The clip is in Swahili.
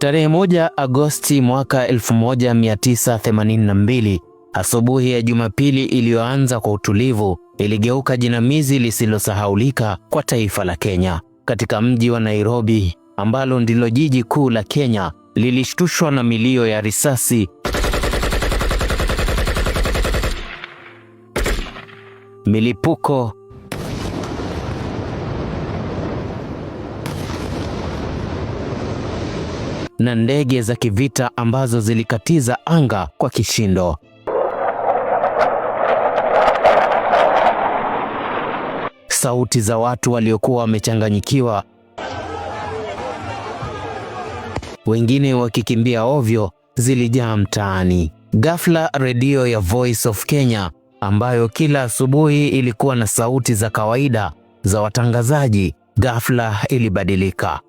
Tarehe moja Agosti mwaka 1982 asubuhi ya Jumapili iliyoanza kwa utulivu iligeuka jinamizi lisilosahaulika kwa taifa la Kenya. Katika mji wa Nairobi ambalo ndilo jiji kuu la Kenya, lilishtushwa na milio ya risasi, milipuko na ndege za kivita ambazo zilikatiza anga kwa kishindo. Sauti za watu waliokuwa wamechanganyikiwa, wengine wakikimbia ovyo, zilijaa mtaani. Ghafla, redio ya Voice of Kenya ambayo kila asubuhi ilikuwa na sauti za kawaida za watangazaji, ghafla ilibadilika.